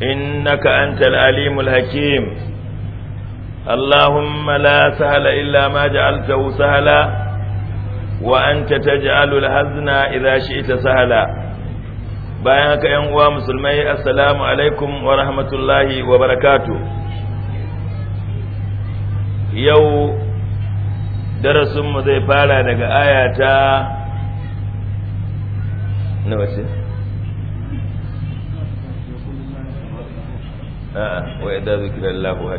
inna antal alimul hakim allahumma la sahla illa ma ja'altahu sahla wa anta ja'alul hazna idha shi'ta sahla bayan ka yan uwa musulmai assalamu alaikum wa rahmatullahi wa barakatuh yau darasin mu zai fara daga ayata a'a wa idza zikra Allahu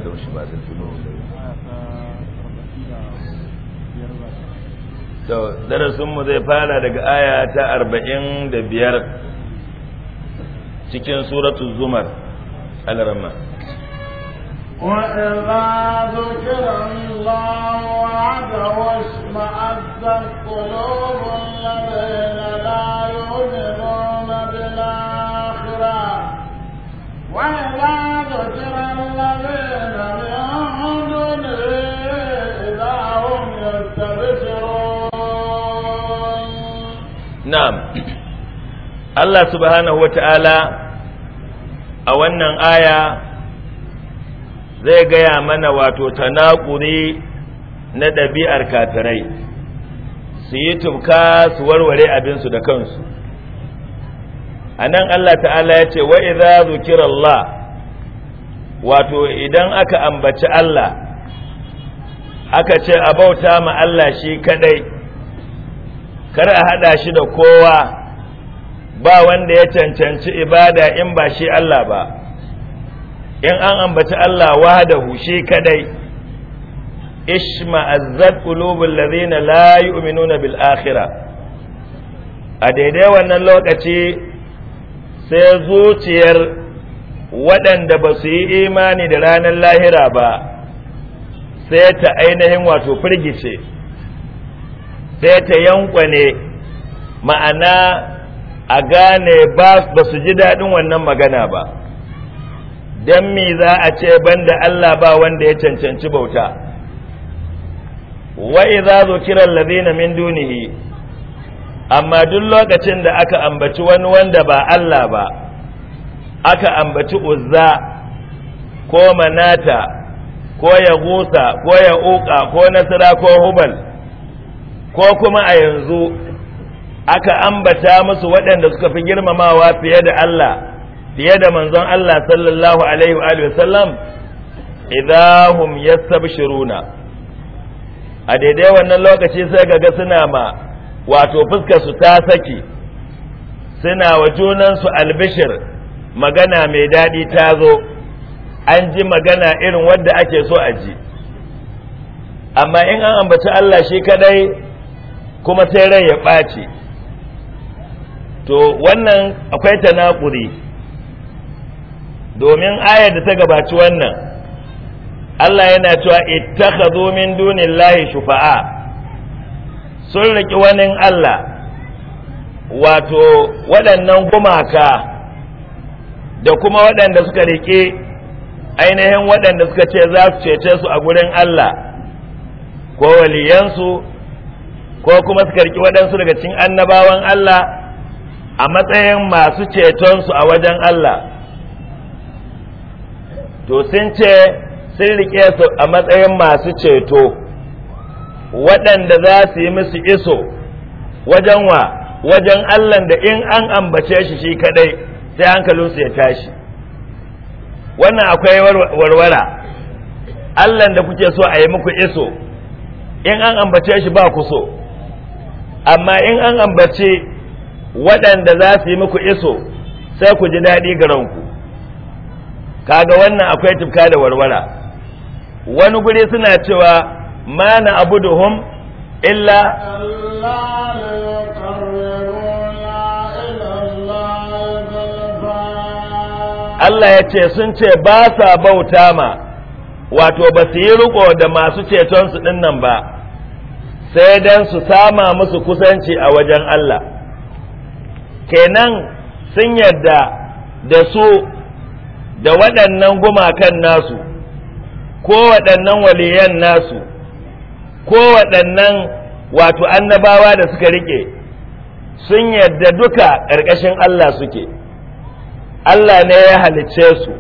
to darasin mu zai fara daga aya ta 45 cikin suratu zumar al-rahman وإذا ذكر الله وعده واشمأزت قلوب الذين لا na'am allah الذين من a wannan aya zai gaya mana wato tanakuri na ɗabi'ar kafirai su yi tufka su warware abinsu da kansu anan Allah ta'ala ya ce wa zukirallah wato idan aka ambaci Allah aka ce a bauta ma Allah shi kadai kar a hada shi da kowa ba wanda ya cancanci ibada in ba shi Allah ba in an ambaci Allah wahdahu shi kadai ishma'azzat qulubul ladina la yu'minuna bil akhirah a daidai wannan lokaci sai zuciyar waɗanda ba su yi imani da ranar lahira ba sai ta ainihin wato firgice sai ta yankwane ma'ana a gane ba su ji daɗin wannan magana ba don mi za a ce banda Allah ba wanda ya cancanci bauta wa'iza zo kiran lazina min dunihi amma duk lokacin da aka ambaci wani wanda ba Allah ba aka ambaci uzza ko manata ko ya gusa ko ya ko nasira ko hubal ko kuma a yanzu aka ambata musu waɗanda suka fi girmamawa fiye da Allah fiye da manzon Allah sallallahu alaihi wa sallam idahum yastabshiruna a daidai wannan lokaci sai ga suna ma wato fuskarsu ta sake suna wa junansu albishir magana mai daɗi ta zo an ji magana irin wadda ake so a ji amma in an ambaci Allah shi kadai kuma sai rai ya ɓaci to wannan akwai ta naƙuri domin ayar da ta gabaci wannan Allah yana cewa ittakhadhu min dunillahi shufa'a sun riƙi wani Allah wato waɗannan gumaka da kuma waɗanda suka riƙe ainihin waɗanda suka ce za su cece su a gurin Allah ko waliyansu ko kuma suka riƙi waɗansu daga cin annabawan Allah a matsayin masu cetonsu a wajen Allah to sun ce sun riƙe su a matsayin masu ceto waɗanda za su yi musu iso wajen wa wajen Allahn da in an ambace shi shi kadai sai hankalinsu ya tashi wannan akwai warwara allan da kuke so a yi muku iso in an ambace shi ba ku so amma in an ambace waɗanda za su yi muku iso sai ku ji daɗi ga ranku kaga wannan akwai tufka da warwara wani guri suna cewa ma na hum illa Allah ya ce sun ce ba sa bauta ma wato ba su yi riko da masu cetonsu ɗin nan ba sai don su sama musu kusanci a wajen Allah kenan sun yarda da su da waɗannan gumakan nasu ko waɗannan waliyan nasu ko waɗannan wato annabawa da suka rike sun yadda duka ƙarƙashin Allah suke Allah ne ya halicce su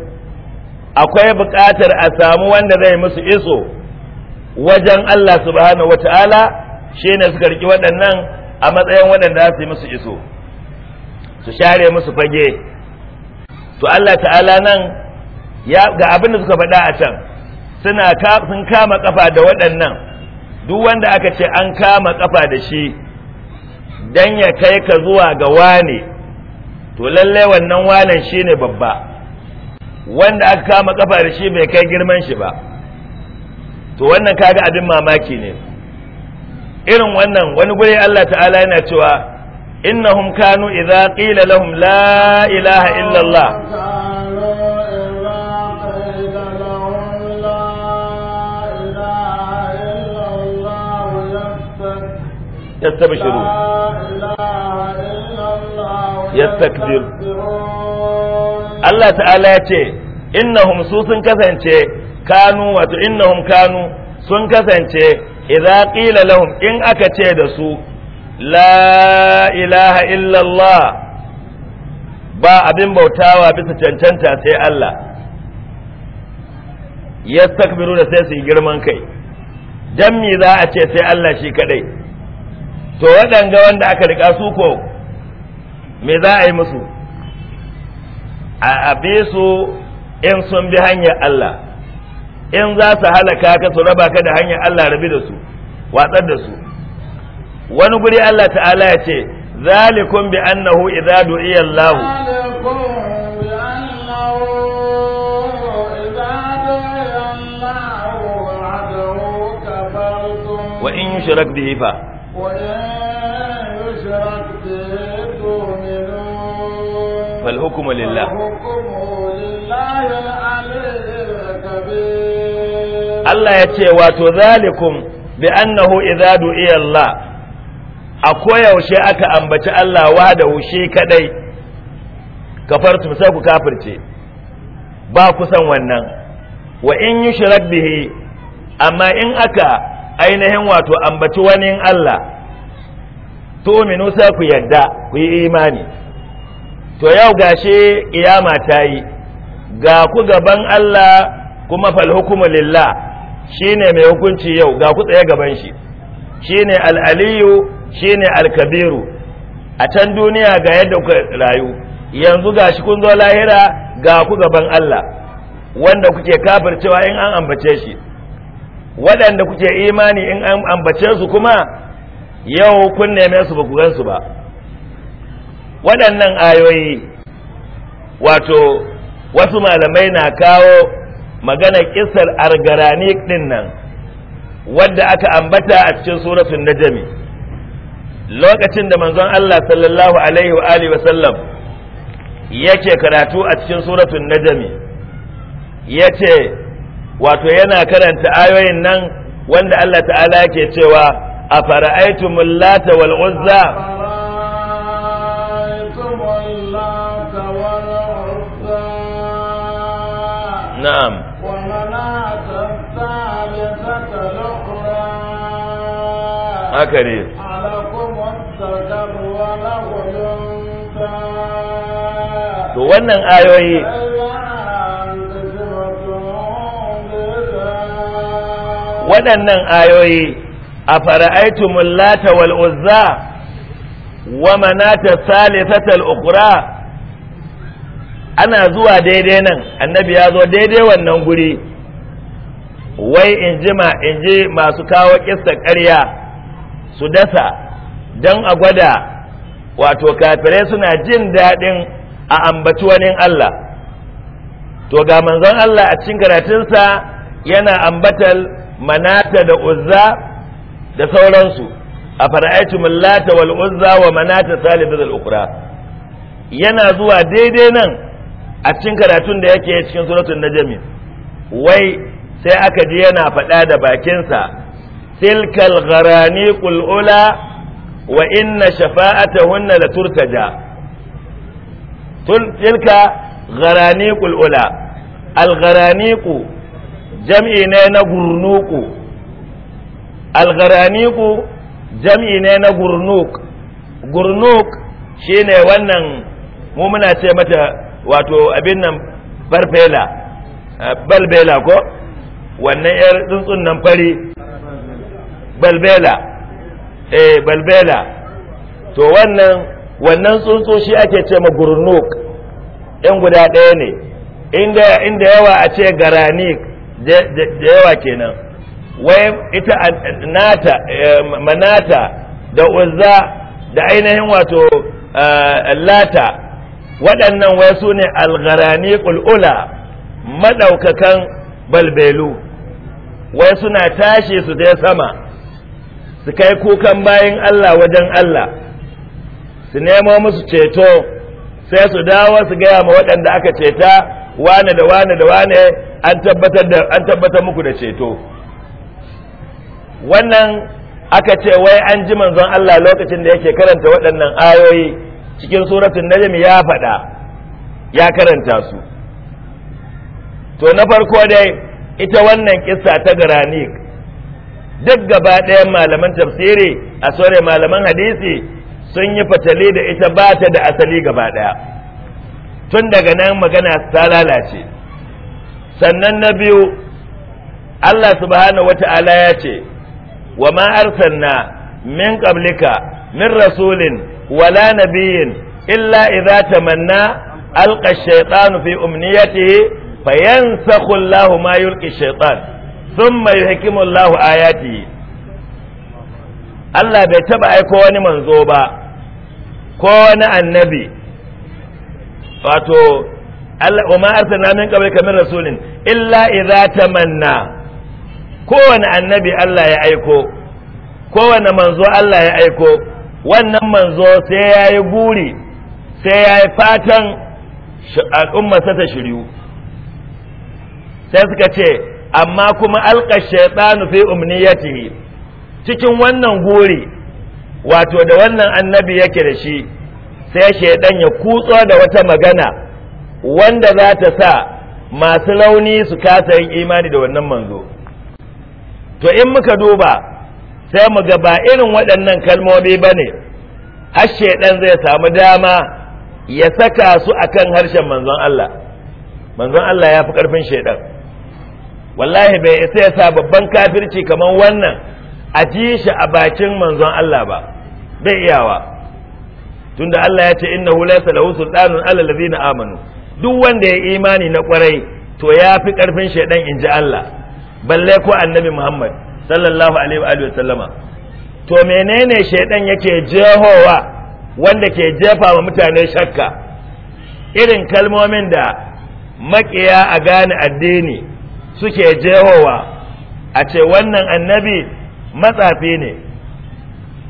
akwai buƙatar a samu wanda zai musu iso wajen Allah subhanahu ta’ala shi ne suka riki waɗannan a matsayin waɗanda su yi musu iso su share musu fage to Allah ta'ala nan ga abin da suka faɗa a can suna sun kama ƙafa da waɗannan duk wanda aka ce an kama kafa da shi dan ya kai ka zuwa ga wane to lallai wannan wanan shine babba wanda aka kama kafa da shi bai kai girman shi ba to wannan kaga abin mamaki ne irin wannan wani guri Allah ta'ala yana cewa innahum kanu idza qila lahum la ilaha illallah يستبشرون يستكبر الله تعالى ce innahum su sun kasance kanu wato innahum kanu sun kasance idza qila lahum in aka ce da su la ilaha illallah ba abin bautawa bisa cancanta sai Allah da sai su yi girman kai dan me za a ce sai Allah shi kaɗai? to waɗanga wanda aka riƙa su ko me za a yi musu a abe su in sun bi hanyar Allah in za su halaka ka su raba ka da hanyar Allah rabi da su watsar da su wani guri Allah ta'ala ya ce zalikum bi annahu idza du'iya Allah wa in yushrak bihi fa Wa 'yan Allah ya ce wato zalikum be annahu idadu iyalla, a koyaushe aka ambaci Allah wa da wushi kadai, ka sai ku kafurce, ba ku son wannan, wa in yi bihi, amma in aka. ainihin wato ambaci wani Allah tu'minu sai ku yadda ku yi imani to yau gashi kiyama ta yi ga ku gaban Allah kuma fal hukumu lillah shine mai hukunci yau ga ku tsaye gaban shi shine al-aliyu shine al-kabiru a can duniya ga yadda ku rayu yanzu gashi kun zo lahira ga ku gaban Allah wanda kuke kafircewa in an ambace shi waɗanda kuke imani in an ambace su kuma yau kun neme su ba ku gansu ba waɗannan ayoyi wato wasu malamai na kawo magana kisar argarani ɗin nan wadda aka ambata a cikin suratun najami lokacin da manzon Allah sallallahu alaihi wa alihi wasallam yake karatu a cikin suratun najami yace wato yana karanta ayoyin nan wanda Allah ta'ala ke cewa a fara'aitumul lata wal uzza na'am haka ne to wannan ayoyi waɗannan ayoyi a fara'aitu lata wal uzza wa manata salisatal ukura? ana zuwa daidai nan annabi ya zo daidai wannan guri wai in ji ma in ji masu kawo kista ƙarya su dasa don a gwada wato kafirai suna jin daɗin a ambaci wani Allah to ga manzon Allah a cikin karatunsa yana ambatal manata da uzza da sauransu a fara'aitu mallata wal uzza wa manata salibin al'ukura yana zuwa daidai nan a cikin karatun da yake cikin suratun najami wai sai aka ji yana faɗa da bakinsa tilkal gharani kul'ula wa inna hunna da turtaja tilka gharani kul'ula al gharaniku jam'i ne na gurnuku algaraniku jam'i ne na gurnuk gurnuk shi ne wannan mu muna ce mata wato abin nan farfela eh, balbela ko wannan yar tsuntsun nan fari balbela eh balbela to wannan wannan tsuntsu shi ake ce ma gurnuk in guda ɗaya ne inda yawa a ce garanik da yawa kenan wai ita nata eh, manata da uzza da ainihin wato eh, lata waɗannan wai su ne algarani ƙul'ula maɗaukakan balbelu wai suna tashi su dai sama su kai kukan bayan Allah wajen Allah su nemo musu ceto sai su dawo su gaya ma waɗanda aka ceta wane da wane da wane an tabbatar da an tabbatar muku da ceto wannan aka ce wai an ji manzon Allah lokacin da yake karanta waɗannan ayoyi cikin suratul najm ya faɗa ya karanta su to na farko dai ita wannan kissa ta garanik duk gaba ɗayan malaman tafsiri a sore malaman hadisi sun yi fatali da ita ba ta da asali gaba ɗaya tun daga nan magana ta lalace sannan na biyu Allah subhanahu wata'ala ya ce wa ma arsalna min qablika min rasulin wala nabiyyin illa idza tamanna alqa ash-shaytanu fi umniyatihi fayansakhu Allahu ma yulqi ash-shaytan thumma yuhkimu Allahu ayati Allah bai taɓa aiko wani manzo ba ko wani annabi wato Allah wa ma arsalna min qablika min rasulin illa idza tamanna kowane annabi Allah ya aiko kowane manzo Allah ya aiko wannan manzo sai ya yi guri sai ya yi fatan al'ummarsa ta shiryu sai suka ce amma kuma alka shaitanu fi umniyatihi cikin wannan guri wato da wannan annabi yake da shi sai shaidan ya kutso da wata magana wanda za ta sa masu launi su kasa yin imani da wannan manzo to in muka duba sai mu ga ba irin waɗannan kalmomi ba ne har shaidan zai samu dama ya saka su a kan harshen manzon Allah manzon Allah ya fi ƙarfin shaidan wallahi bai isa ya sa babban kafirci kamar wannan a ji shi a bakin manzon Allah ba bai iyawa tunda Allah ya ce innahu laysa lahu sultanun alal ladina amanu duk wanda ya imani na kwarai to ya fi karfin shaidan inji Allah balle ko annabi Muhammad sallallahu alaihi wa sallama to menene shaidan yake jehowa wanda ke jefa wa mutane shakka irin kalmomin da makiya a gane addini suke jehowa a ce wannan annabi matsafi ne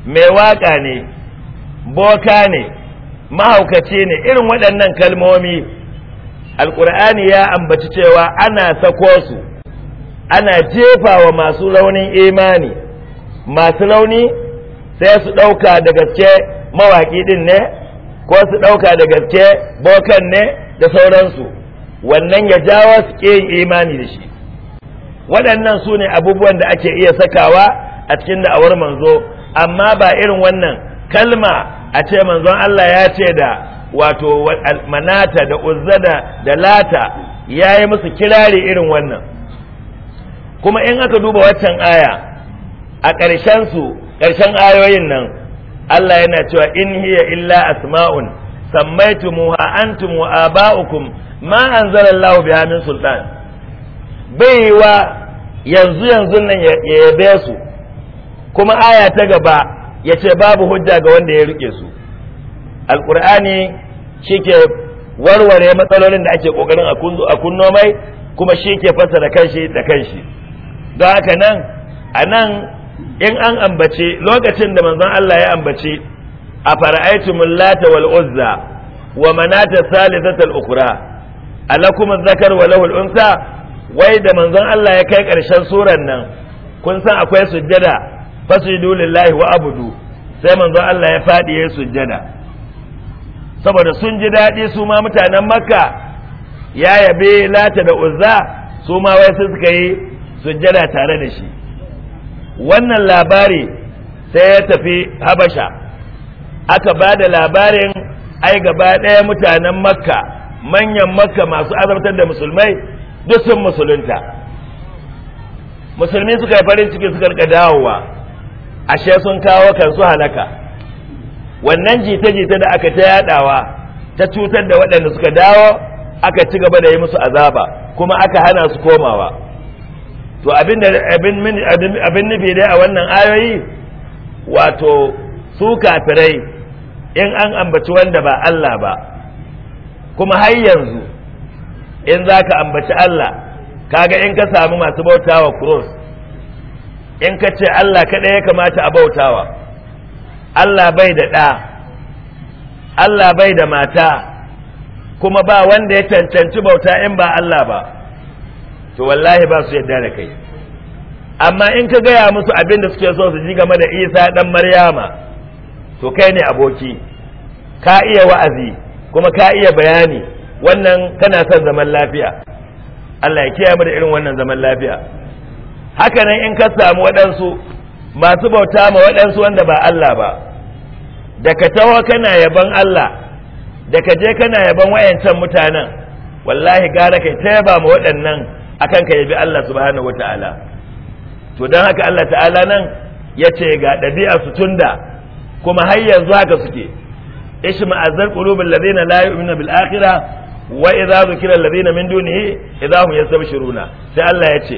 mai waka ne boka ne mahaukaci ne irin waɗannan kalmomi alkur'ani ya ambaci cewa ana sako su ana jefa wa masu raunin imani masu rauni sai su ɗauka da gaske mawaƙi ɗin ne ko su ɗauka da gaske bokan ne da sauransu wannan ya jawo su ke yin imani da shi waɗannan su ne abubuwan da ake iya sakawa a cikin da da'awar manzo amma ba irin wannan kalma a ce manzon Allah ya ce da wato manata da Uzzada da lata ya yi musu kirari irin wannan kuma in aka duba waccan aya a ƙarshensu ƙarshen ayoyin nan Allah yana cewa in hiya illa asma'un sammaitumuha antum wa aba'ukum ma anzalallahu biha min sultan wa yanzu yanzu nan ya yabe su kuma aya ta gaba ya ce babu hujja ga wanda ya rike su alkur'ani shi ke warware matsalolin da ake kokarin a kunno mai kuma shi ke fassara kanshi da kanshi don haka nan a nan in an ambace lokacin da manzon Allah ya ambace a fara'aitu lata wal uzza wa manata salisatal ukhra alakum adh wa lahu al-unsa wai da manzon Allah ya kai karshen suran nan kun san akwai sujjada fasidu lillahi wa abudu sai manzo Allah ya faɗi ya sujjada saboda sun ji daɗi su ma mutanen makka ya yabe lata da uzza su ma wai su suka yi sujjada tare da shi wannan labari sai ya tafi habasha aka ba da labarin ai gaba ɗaya mutanen makka manyan makka masu azabtar da musulmai duk sun musulunta musulmi suka yi farin ciki suka rika dawowa ashe sun kawo kansu halaka wannan jita-jita da aka ta yadawa ta cutar da waɗanda suka dawo aka ci gaba da yi musu azaba kuma aka hana su komawa to abin nufi dai a wannan ayoyi wato su kafirai in an ambaci wanda ba Allah ba kuma har yanzu in za ka ambaci Allah kaga in ka samu masu bautawa cross in ka ce Allah kaɗai ya kamata a bautawa Allah bai da ɗa Allah bai da mata kuma ba wanda ya cancanci bauta in ba Allah ba to wallahi ba su yadda da kai amma in ka gaya musu abin da suke so su ji game da isa ɗan maryama to kai ne aboki ka iya wa'azi kuma ka iya bayani wannan kana son zaman lafiya Allah ya kiyaye mu da irin wannan zaman lafiya haka nan in ka samu waɗansu masu bauta ma waɗansu wanda ba Allah ba da ka taho kana yaban Allah da ka je kana yaban wayancan mutanen wallahi gara kai ta yaba ma waɗannan akan ka yabi Allah subhanahu wata'ala to don haka Allah ta'ala nan ya ce ga ɗabi'a su tunda kuma har yanzu haka suke ishma azar qulubul ladina la yu'minu bil akhirah wa idza zukira alladhina min dunihi idza hum yastabshiruna sai Allah ya ce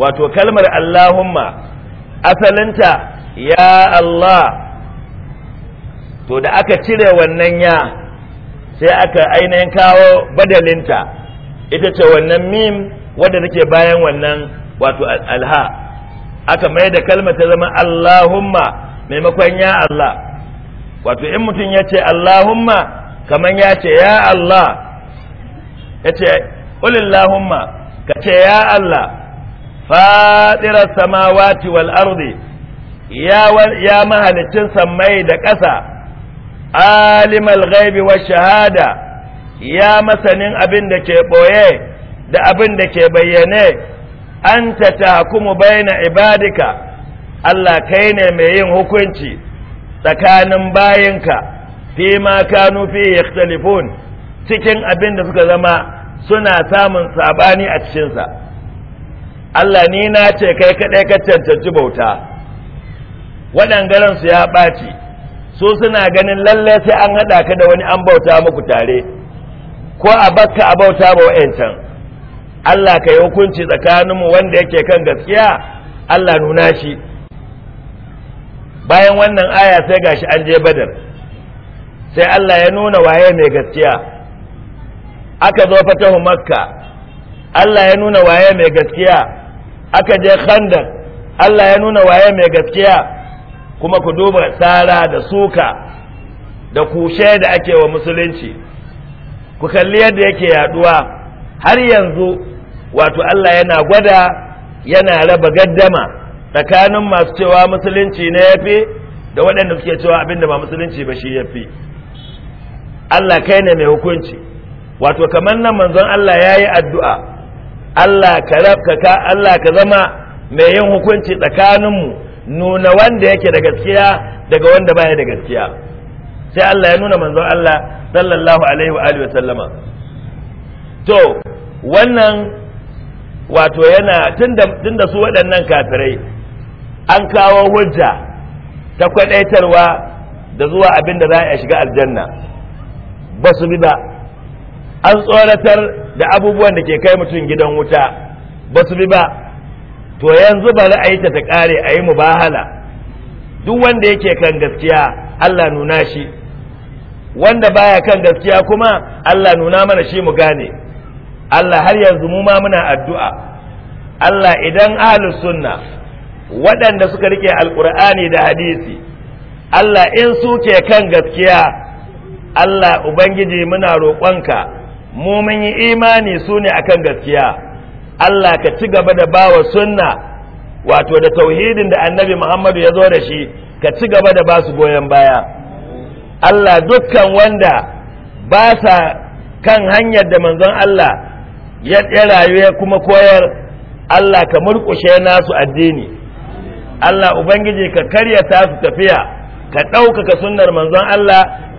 wato kalmar Allahumma asalinta ya Allah to da aka cire wannan ya sai aka ainihin kawo badalinta ita ce wannan mim wadda take bayan wannan wato alha aka mai da kalmar ta zama Allahumma maimakon ya Allah wato in mutum ya ce Allahumma kamar ya ce ya Allah ya ce ulillahumma ka ce ya Allah fadirar samawati wal arzi, ya mahalicin sammai da ƙasa alimal ghaibi shahada ya masanin abin da ke ɓoye da abin da ke bayyane an ta takumu baina ibadika Allah kai ne mai yin hukunci tsakanin bayinka fi ma kanu fi yakhtalifun cikin abin da suka zama suna samun saɓani a cikinsa Allah ni na ce kai kaɗai ka cancanci bauta waɗangaren su ya ɓaci su suna ganin lallai sai an haɗa ka da wani an bauta muku tare ko a bakka a bauta ba wa'yancan Allah ka yi hukunci tsakaninmu wanda yake kan gaskiya Allah nuna shi bayan wannan aya sai gashi an je badar sai Allah ya nuna waye mai gaskiya aka zo fatahu makka Allah ya nuna waye mai gaskiya aka je khandar Allah ya nuna waye mai gaskiya kuma ku duba tsara da suka da kushe da ake wa musulunci ku kalli yadda yake yaduwa har yanzu wato Allah yana gwada yana raba gaddama tsakanin masu cewa musulunci ne yafi da waɗanda suke cewa abinda ba musulunci ba shi yafi Allah kai ne mai hukunci wato kamar nan manzon Allah ya yi addu'a Allah ka rabkaka Allah ka zama mai yin hukunci tsakaninmu nuna wanda yake da gaskiya daga wanda baya da gaskiya sai Allah ya nuna manzon Allah sallallahu alaihi wa alihi sallama to wannan wato yana tunda tunda su waɗannan kafirai an kawo hujja ta kwadaitarwa da zuwa abinda da za a shiga aljanna ba su bi ba an tsoratar da abubuwan da ke kai mutum gidan wuta ba su bi ba to yanzu bari a yi ta ta kare a yi mubahala duk wanda yake kan gaskiya Allah nuna shi wanda baya kan gaskiya kuma Allah nuna mana shi mu gane Allah har yanzu mu ma muna addu'a Allah idan ahlus sunna waɗanda suka rike alkur'ani da hadisi Allah in su ke kan gaskiya Allah Ubangiji muna roƙonka mu mun yi imani su ne akan gaskiya Allah ka ci gaba da bawa sunna wato da tauhidin da annabi Muhammadu ya zo da shi ka ci gaba da basu goyon baya Allah dukkan wanda ba sa kan hanyar da manzon Allah ya rayu ya kuma koyar Allah ka murƙushe nasu addini Allah Ubangiji ka karyata su tafiya ka ɗaukaka sunnar manzon Allah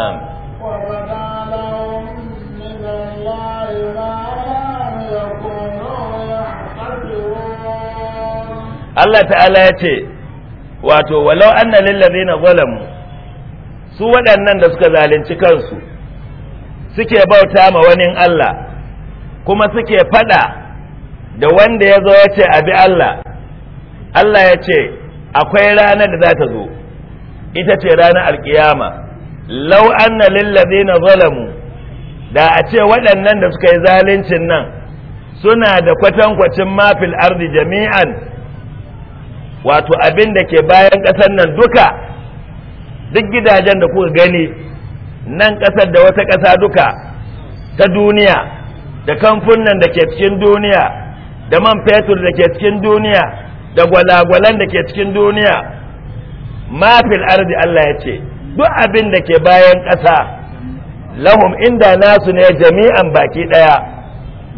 نعم Ta'ala لهم من الله wato walau su waɗannan da suka zalunci kansu suke bauta ma wani Allah kuma suke faɗa da wanda ya zo ya ce abi Allah Allah ya ce akwai rana da za ta zo ita ce ranar alkiyama lau anna na zalamu da a ce waɗannan da suka yi zalincin nan suna da kwatankwacin mafil ardi jami'an wato abin da ke bayan ƙasar nan duka duk gidajen da kuka gani nan ƙasar da wata ƙasa duka ta duniya da kamfunan da ke cikin duniya da man fetur da ke cikin duniya da gwalagwalan da ke cikin duniya mafil ardi Allah ya ce duk abin da ke bayan ƙasa lahum inda nasu ne jami'an baki ɗaya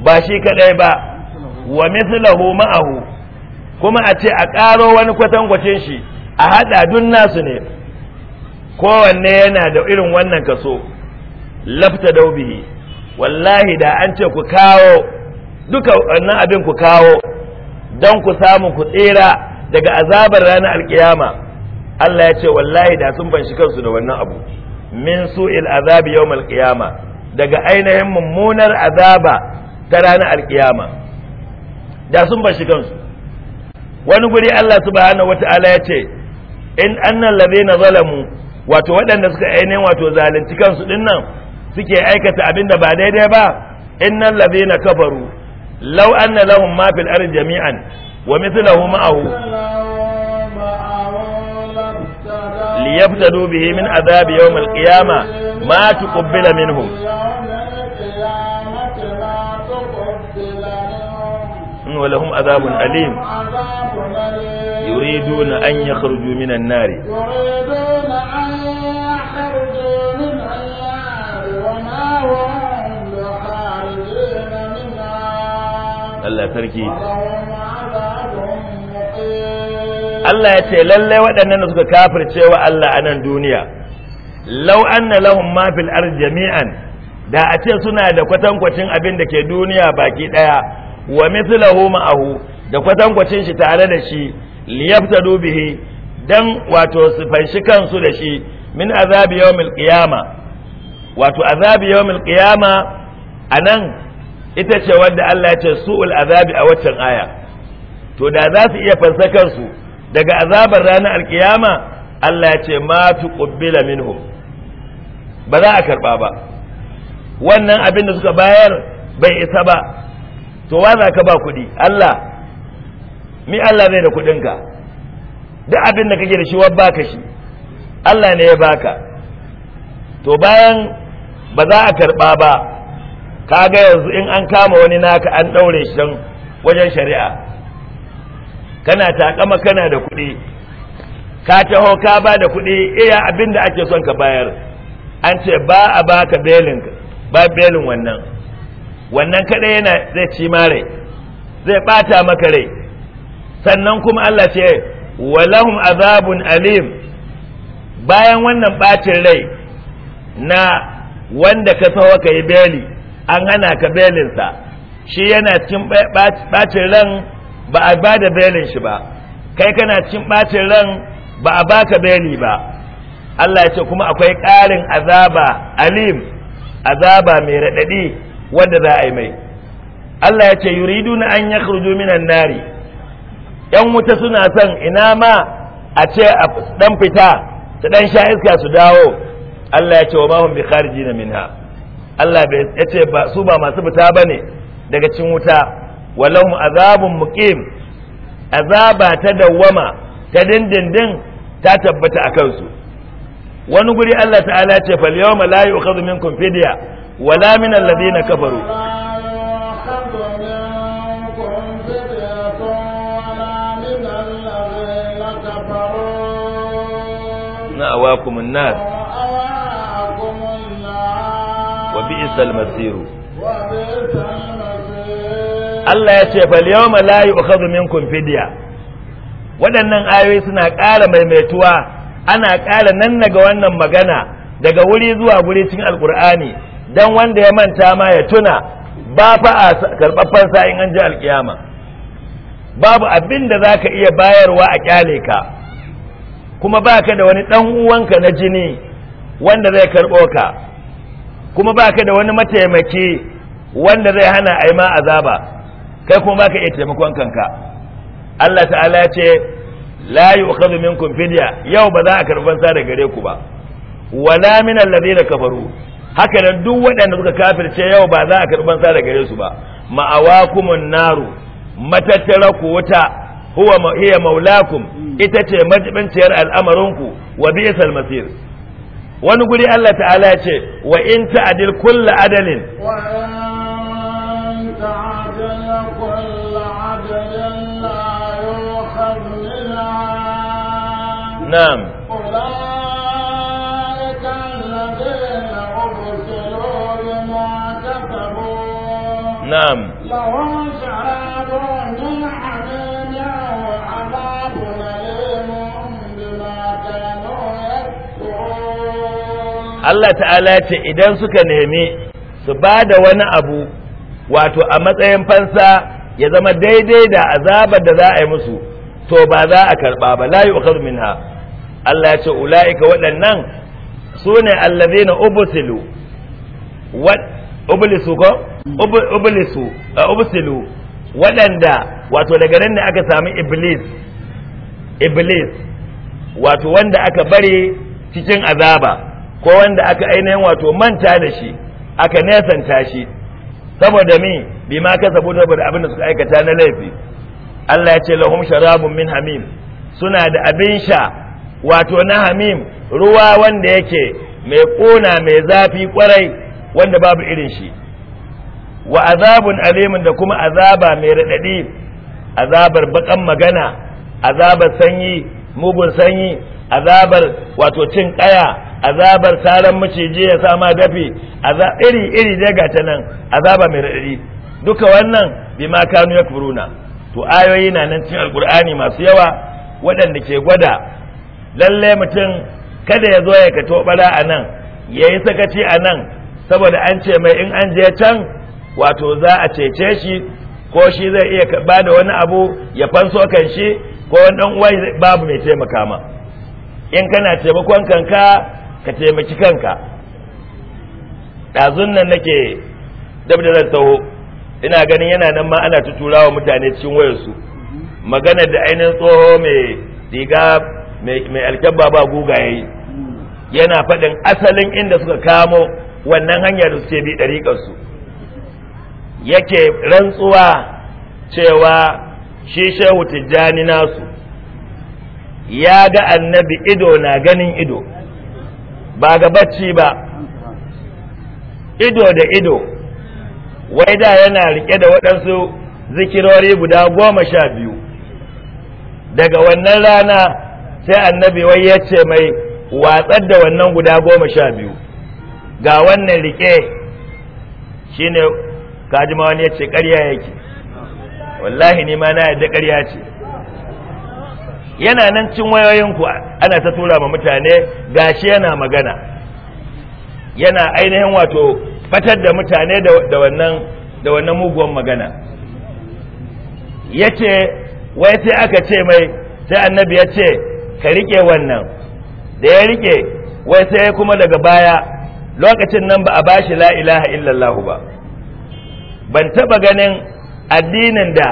ba shi kaɗai ba wa mithlahu ma'ahu kuma a ce a ƙaro wani kwatankwacin shi a haɗa dun nasu ne kowanne yana da irin wannan kaso lafta daubihi wallahi da an ce ku kawo duka wannan abin ku kawo don ku samu ku tsira daga azabar ranar alkiyama Allah ya ce wallahi da sun fanshi kansu da wannan abu min su'il azabi yawmal qiyama daga ainihin mummunar azaba ta ranar alkiyama da sun fanshi kansu wani guri Allah subhanahu wata'ala ya ce in annal ladina zalamu wato waɗanda suka ainihin wato zalunci kansu dinnan suke aikata abin da ba daidai ba innal ladina kafaru law anna lahum ma fil ardi jami'an wa mithluhu ma'ahu ليبتدوا به من عذاب يوم القيامة ما تقبل منهم ولهم عذاب أليم يريدون أن يخرجوا من النار يريدون أن يخرجوا من النار وما منها الله تركي Allah ya ce lallai waɗannan da suka kafirce wa Allah a nan duniya law anna ma fil jami'an da a ce suna da kwatankwacin abin da ke duniya baki ɗaya wa mithluhu ma'ahu da kwatankwacin shi tare da shi liyaftadu bihi dan wato su fanshi kansu da shi min azabi yawmil qiyama wato azabi yawmil qiyama anan ita ce wanda Allah ya ce su'ul azabi a waccan aya to da za su iya fansakar su. daga azabar ranar alkiyama Allah ya ce ma fi ƙubbila minhum ba za a karɓa ba wannan abin da suka bayar bai isa ba to wa za ka ba kuɗi Allah mi Allah zai da kuɗinka duk abin da kake da shi wabba ka shi Allah ne ya baka to bayan ba za a karɓa ba ka ga yanzu in an kama wani naka an ɗaure shi wajen shari'a kana takama kana da kuɗi ka taho ka ba da kuɗi iya abin da ake son ka bayar an ce ba a baka belin ba belin wannan wannan kaɗai yana zai ci mare zai ɓata maka rai sannan kuma Allah ce walahum azabun alim bayan wannan ɓacin rai na wanda ka sawa ka yi beli an hana ka belinsa shi yana cikin ɓacin ran ba a ba da belin shi ba kai kana cin bacin ran ba a baka beli ba Allah ya ce kuma akwai ƙarin azaba alim azaba mai raɗaɗi wanda za a yi mai Allah ya ce yuridu na an ya minan nari ‘yan wuta suna son ina ma a ce a ɗan fita ta ɗan sha iska su dawo Allah ya ce wa mahun bi kharji na minha Allah ya ce su ba masu fita ba ne daga cin wuta walahum azabun muqim azaba ta dawwama ta dindindin ta tabbata a kansu wani guri Allah ta'ala ce fal yawma la yu'khadhu minkum fidya wala min alladhina kafaru مأواكم النار وبئس المصير وبئس المصير Allah ya ce fal yawma la yu'khadhu minkum fidya waɗannan ayoyi suna ƙara maimaituwa ana ƙara nan daga wannan magana daga wuri zuwa wuri cikin alkur'ani dan wanda ya manta ma ya tuna ba fa a karɓaffan sa'in an ji alkiyama babu abin da zaka iya bayarwa a kyale ka kuma baka da wani dan uwanka na jini wanda zai karɓo ka kuma baka da wani mataimaki wanda zai hana a yi ma azaba kai kuma ba ka iya taimakon kanka Allah ta'ala ya ce la yu'khadhu minkum fidya yau ba za a karban sa da gare ku ba wala min alladhina kafaru haka nan duk waɗanda suka kafirce yau ba za a karban sa da gare su ba ma'awakumun naru matattara ku wuta huwa hiya maulakum ita ce majibinciyar al'amarinku wa bi'sal masir wani guri Allah ta'ala ya ce wa in ta'dil kullu adalin نعم أولئك الذين أبصروا بما كسبوا نعم لهم شراب من حميم وعذاب أليم بما كانوا يكفرون الله تعالى wato a matsayin fansa ya zama daidai da azabar da za a yi musu to ba za a karba ba la yu'khadhu minha Allah ya ce ula'ika waɗannan su ne allabe na ubusilu ubulisu ko ubulisu a ubusilu waɗanda wato daga nan ne aka sami iblis iblis wato wanda aka bari cikin azaba ko wanda aka ainihin wato manta da shi aka nesanta shi saboda mi bi ma sabu saboda abin da suka aikata na laifi Allah ya ce lahum sharabun min hamim suna da abin sha wato na hamim ruwa wanda yake mai kona mai zafi kwarai wanda babu irin shi wa azabun alimin da kuma azaba mai raɗaɗi azabar bakan magana azabar sanyi mugun sanyi azabar wato cin kaya azabar saran maciji ya sama dafi iri iri daga ta nan azaba mai raɗaɗi duka wannan bima kanu ya to ayoyi na nan cikin alkur'ani masu yawa waɗanda ke gwada lalle mutum kada ya zo ya kato bara a nan ya yi sakaci a nan saboda an ce mai in an je can wato za a cece shi ko shi zai iya ba da wani abu ya fanso kan shi ko wani ɗan uwa babu mai taimaka ma in kana taimakon kanka ka taimaki kanka ɗazun nan nake dab da zan taho ina ganin yana nan ma ana tuturawa mutane cikin wayarsu maganar da ainihin tsoho mai riga mai alkyabba ba guga yayi yana faɗin asalin inda suka kamo wannan hanyar da suke bi ɗariƙarsu yake rantsuwa cewa shi shehu tijjani nasu ya ga annabi ido na ganin ido ba ga bacci ba ido da ido wai da yana rike da waɗansu zikirori guda goma sha biyu daga wannan rana sai annabi wai ya ce mai watsar da wannan guda goma sha biyu ga wannan rike ne kajima wani ya ce ƙarya yake wallahi ni ma na yadda ƙarya ce yana nan cin wayoyin ku ana ta tura ma mutane gashi yana magana yana ainihin wato fatar da mutane da wannan da wannan muguwan magana yace wai sai aka ce mai sai annabi ya ce ka rike wannan da ya rike wai sai kuma daga baya lokacin nan ba a bashi la ilaha illallah ba ban taba ganin addinin da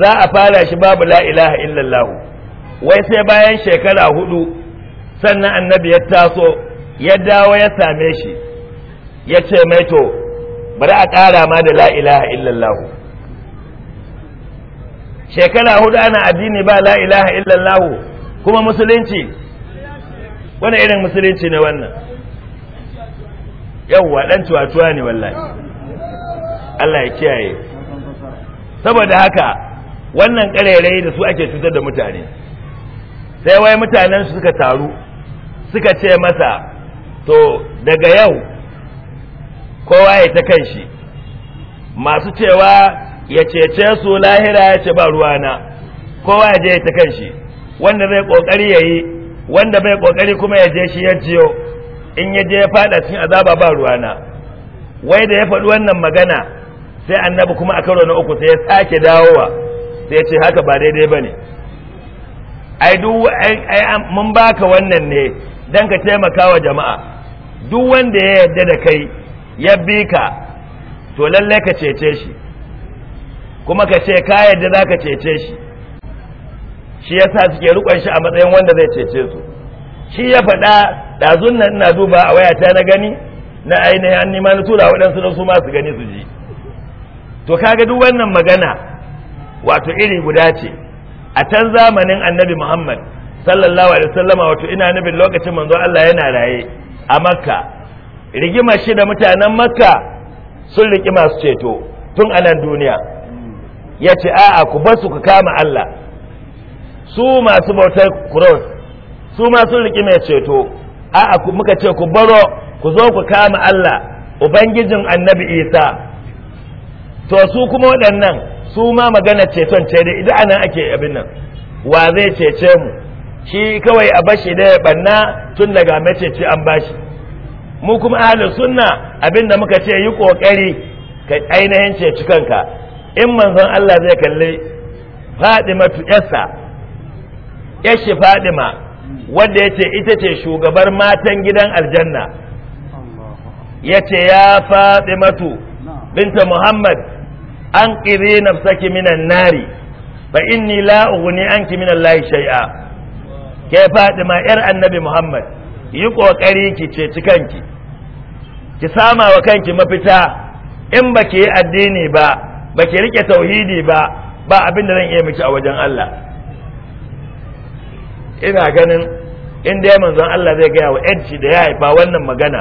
za a fara shi babu la ilaha illallah wai sai bayan shekara hudu sannan annabi ya taso ya dawo ya same shi ya ce mai to bari a ƙara ma da la ilaha illallah shekara hudu ana addini ba la ilaha illallah kuma musulunci wani irin musulunci ne wannan yau waɗan tuwatuwa ne wallahi Allah ya kiyaye saboda haka wannan karerai da su ake cutar da mutane sai wai mutanen su suka taru suka ce masa to daga yau kowa ya ta kan shi masu cewa ya cece su lahira ya ce ba ruwana kowa ya je ya ta kan shi wanda zai kokari yayi wanda bai kokari kuma ya je shi ya jiyo in ya je ya fada cikin azaba ba ruwa na. wai da ya faɗi wannan magana sai annabi kuma a karo na uku sai ya sake dawowa sai ya ce haka ba daidai bane ai duk mun baka wannan ne dan ka taimaka wa jama'a duk wanda ya yarda da kai ya bi ka to lallai ka cece shi kuma ka ce ka yarda zaka ka cece shi shi yasa suke rukon shi a matsayin wanda zai cece su shi ya faɗa ɗazun nan ina duba a wayata na gani na ainihin an nima na tura waɗansu na su ma su gani su ji to kaga duk wannan magana wato iri guda ce a can zamanin annabi muhammad sallallahu alaihi wasallam wato ina nabin lokacin manzo Allah yana raye a makka rigimar shi da mutanen makka sun riki masu ceto tun a nan duniya ya ce a'a ku basu ku kama Allah su masu bautar kuros, su masu sun mai ceto a'a muka ce ku baro ku zo ku kama Allah ubangijin annabi Isa to su kuma waɗannan su ma magana ceton ce dai idan anan ake abin nan wa zai cece mu shi kawai a bashi da ya banna tun daga mai an bashi mu kuma ahlus sunna abinda muka ce yi kokari ka ainihin ceci kanka in manzon Allah zai kalli Fadimatu yarsa yashi fadima wadda ya ita ce shugabar matan gidan aljanna ya ce ya fadimatu binta muhammad an ƙiri nafsaki minan nari fa inni la ughni anki minan lahi shay'a ke fadima yar annabi muhammad yi kokari ki ce kanki ki sama wa kanki mafita in baki yi addini ba baki rike tauhidi ba ba abin da zan iya miki a wajen Allah ina ganin in dai manzon Allah zai gaya wa yanci da ya haifa wannan magana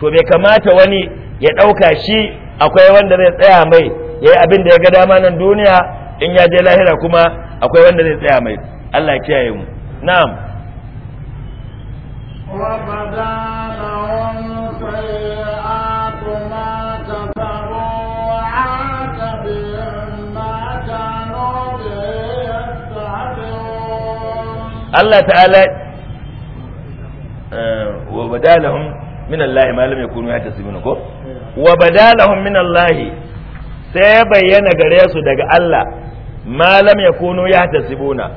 to bai kamata wani ya ɗauka shi akwai wanda zai tsaya mai ya yi abin da ya ga dama nan duniya in ya je lahira kuma akwai wanda zai tsaya mai Allah kiyaye mu na'am Allah ta'ala eh, wa badalahum min Allah ma lam yakunu yahtasibuna ko wa badalahum min Allah sai ya bayyana gare su daga Allah ma lam yakunu yahtasibuna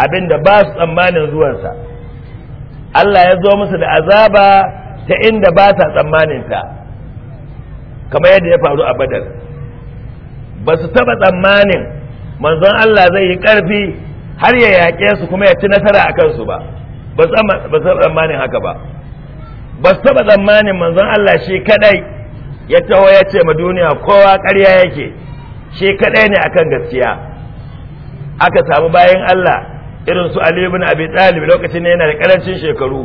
abinda ba su tsammanin zuwansa Allah ya zo musu da azaba ta inda ba ta tsammanin ta kamar yadda ya faru a Badar ba su taba tsammanin manzon Allah zai yi ƙarfi har ya yaƙe su kuma ya ci nasara a kansu ba ba su tsammanin haka ba ba su taɓa tsammanin manzon Allah shi kadai ya taho ya ce ma duniya kowa ƙarya yake shi kadai ne akan gaskiya aka samu bayan Allah irin su Ali ibn Abi Talib lokacin ne yana da karancin shekaru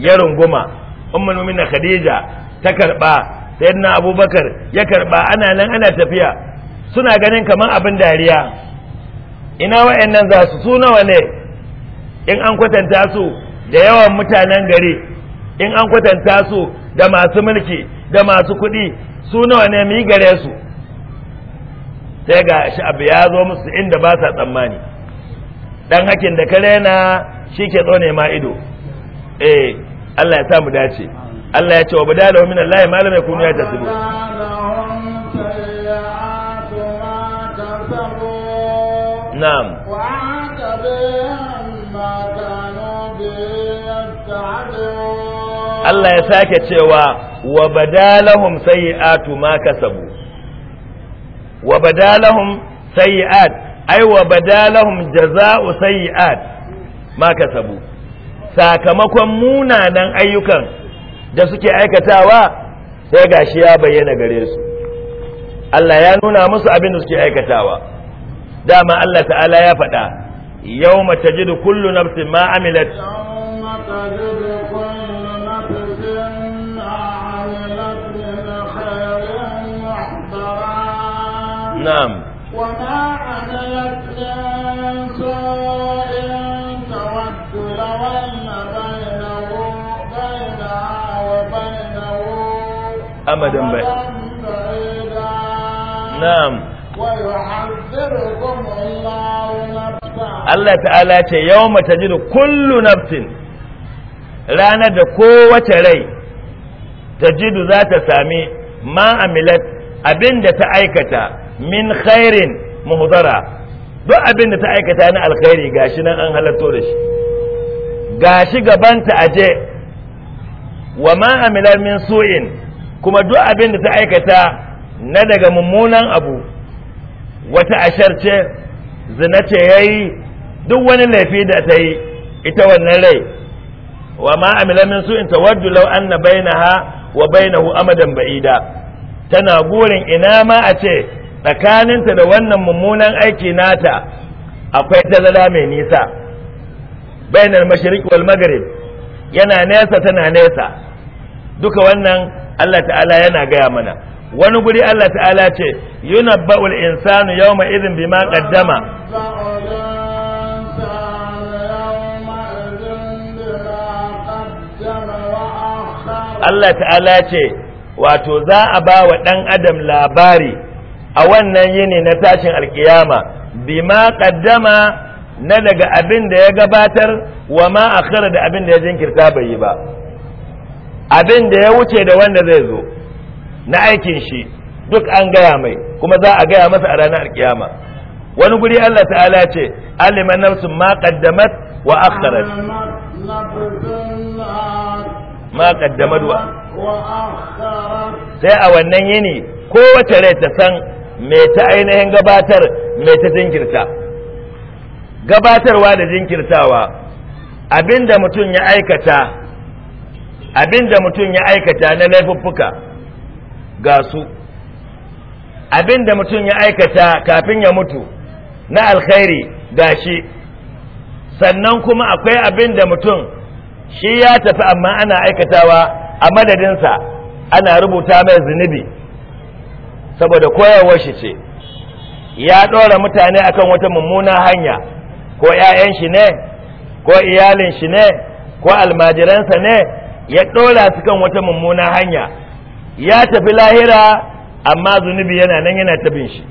ya runguma ummul mu'minin Khadija ta karba sayyidina Abubakar ya karba ana nan ana tafiya suna ganin kaman abin dariya ina wa'annan za su su nawa ne in an kwatanta su da yawan mutanen gari in an kwatanta su da masu mulki da masu kuɗi su nawa ne mu yi gare su sai ga shi abu ya zo musu inda ba sa tsammani dan hakin da kare na shi ke tsone ma ido eh Allah ya sa mu dace Allah ya ce wa bada da min Allah ya malama ya tasibu Allah ya sake cewa wabandalahum sai yi ma kasabu, wabandalahum sai yi ad ai wabandalahum da za'u sai yi ad ma kasabu, sakamakon munanan ayyukan da suke aikatawa sai gashi ya bayyana gare su, Allah ya nuna musu abin da suke aikatawa. dama Allah ta'ala ya faɗa yau mace jidu kullu nafsin ma amilat na'am وما عملت سوء تود لو Allah ta'ala ce yau mata jiru kullu naftin ranar da kowace rai ta jidu za ta sami ma'amilat abin da ta aikata min khairin muhudara duk abin da ta aikata na alkhairi gashi nan an halatto da shi gashi gabanta aje wa ma'amilar min su'in kuma duk abin da ta aikata na daga mummunan abu wata ashar ce zina ce yayi duk wani laifi da ta yi ita wannan rai wa ma amila min waddu tawaddu law anna bainaha wa bainahu amadan ba'ida tana gurin ina ma a ce tsakaninta da wannan mummunan aiki nata akwai tazara mai nisa bainar mashriq wal maghrib yana nesa tana nesa duka wannan Allah ta'ala yana gaya mana wani guri Allah ta'ala ce yunabba'ul insanu yawma idhin bima qaddama Allah ta'ala ce wato za a ba wa ɗan adam labari a wannan yini na tashin alkiyama bima qaddama na daga abin da ya gabatar wa ma akhara da abin da ya jinkirta bai yi ba abin da ya wuce da wanda zai zo na aikin shi duk an gaya mai kuma za a gaya masa a ranar alkiyama wani guri Allah ta'ala ce aliman nafsu ma qaddamat wa akhkharat ma qaddamat wa sai a wannan yini kowace rai ta san me ta ainihin gabatar me ta jinkirta gabatarwa da jinkirtawa abinda mutum ya aikata abinda mutum ya aikata na laifuffuka ga su abin da mutum ya aikata kafin ya mutu na alkhairi ga shi sannan kuma akwai abin da mutum shi ya tafi amma ana aikatawa a madadinsa ana rubuta mai zunubi saboda koyarwar shi ce ya ɗora mutane akan wata mummuna hanya ko 'ya'yan shi ne ko iyalin shi ne ko almajiransa ne ya ɗora su kan wata mummuna hanya ya tafi lahira amma zunubi yana nan yana tabin shi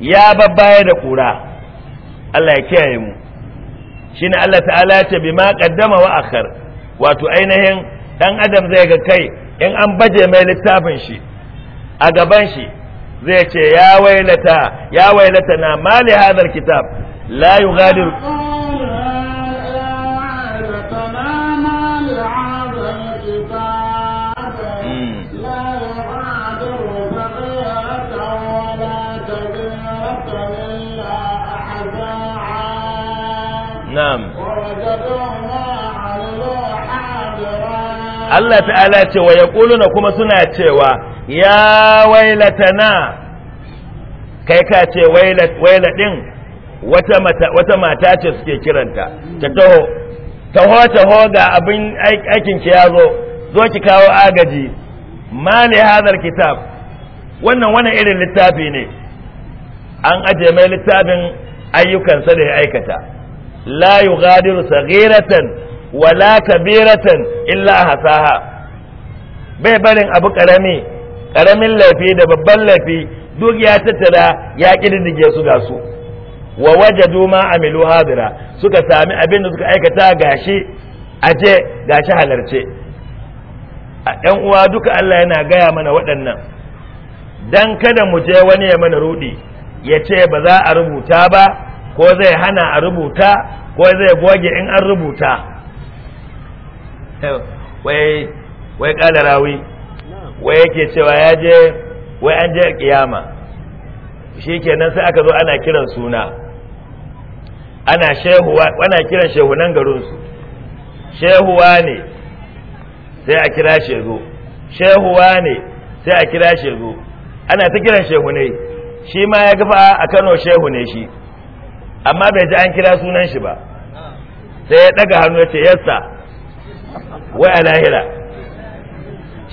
ya babbaya da ƙura. Allah ya kiyaye mu ne Allah ta'ala ya ce bima qaddama wa akhar wato ainihin ɗan adam zai ga kai in an baje mai littafin shi a gaban shi zai ce ya wailata ya wailata na mali hadal kitab la yughadiru na'am Allah ta'ala ce wa kuluna kuma suna cewa ya wailatana kai ka ce wailat wailadin wata mata wata mata ce suke kiranta ta taho Ta taho ga abin aikin ki yazo zo ki kawo agaji mali hadar kitab wannan wani irin littafi ne an aje mai littafin ayyukansa da ya aikata la yughadiru saghiratan wala kabiratan illa hasaha bai barin abu karami karamin laifi da babban laifi duk ya tattara ya kididdige su ga su wa wajadu ma amilu hadira suka sami abin da suka aikata gashi aje gashi halarce a ɗan uwa duka Allah yana gaya mana waɗannan dan kada mu je wani ya mana rudi yace ce ba za a rubuta ba ko zai hana a rubuta ko zai goge in an rubuta wai wai kala wai yake cewa ya je wai an je kiyama kenan sai aka zo ana kiran suna ana shehuwa ana kiran shehunan garin su shehuwa ne sai a kira shego shehuwa ne sai a kira shego ana ta kiran shehu ne shi ma ya gafa a Kano shehu ne shi amma bai ji an kira sunan shi ba sai ya daga hannu ya ce yassa wai a lahira